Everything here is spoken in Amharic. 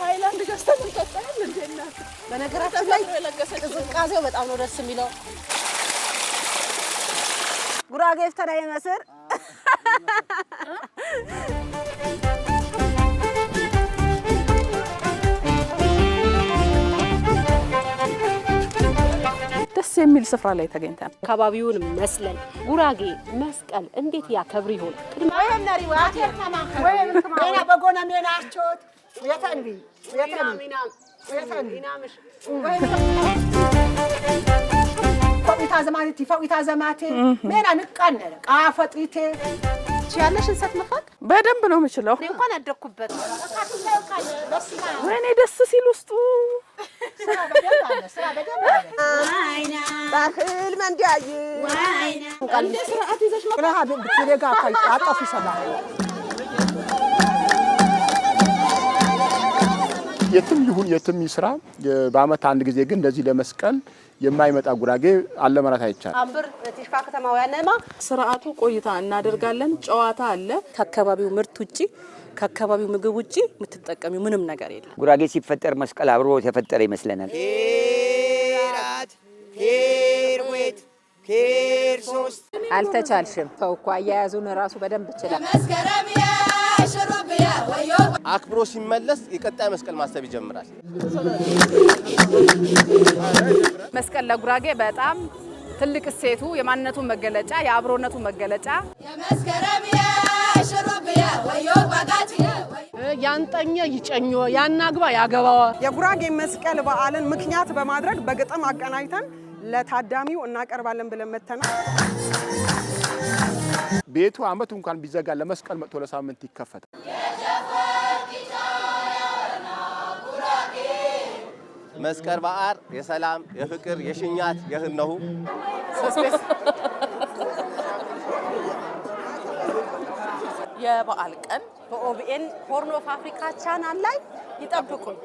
ሀይላንድ ገዝተን እንጠጣለን። እንዴና በነገራችን ላይ ቅዝቃዜው በጣም ነው ደስ የሚለው። ጉራጌ ፍተና ይመስር ደስ የሚል ስፍራ ላይ ተገኝተን አካባቢውን መስለን ጉራጌ መስቀል እንዴት ያከብር ይሆን? ፈዊታ ዘማቴ ፈዊታ ዘማቴ ሜና ንቃነረ ቃፈጥሪቴ ያለሽ እንሰት መፋቅ በደንብ ነው የምችለው። እንኳን ያደግኩበት ወይኔ ደስ ሲል ውስጡ ባህል መንዲያይ ስርዓት ይዘሽ የትም ይሁን የትም ይስራ። በአመት አንድ ጊዜ ግን እንደዚህ ለመስቀል የማይመጣ ጉራጌ አለ ማለት አይቻልም። አንብር ቲሽካ ያነማ ስርዓቱ ቆይታ እናደርጋለን። ጨዋታ አለ። ከአካባቢው ምርት ውጪ ከአካባቢው ምግብ ውጭ የምትጠቀሚው ምንም ነገር የለም። ጉራጌ ሲፈጠር መስቀል አብሮ የተፈጠረ ይመስለናል። አልተቻልሽም። ተው እኮ አያያዙን ራሱ በደንብ ይችላል። አክብሮ ሲመለስ የቀጣይ መስቀል ማሰብ ይጀምራል። መስቀል ለጉራጌ በጣም ትልቅ እሴቱ፣ የማንነቱ መገለጫ፣ የአብሮነቱ መገለጫ ያንጠኘ ይጨኞ ያናግባ ያገባዋ የጉራጌ መስቀል በዓልን ምክንያት በማድረግ በግጥም አቀናጅተን ለታዳሚው እናቀርባለን ብለን መተናል። ቤቱ አመቱ እንኳን ቢዘጋ ለመስቀል መጥቶ ለሳምንት ይከፈታል። መስቀል በዓል የሰላም የፍቅር የሽኛት የህነሁ የበዓል ቀን በኦቢኤን ሆርን ኦፍ አፍሪካ ቻናል ላይ ይጠብቁን።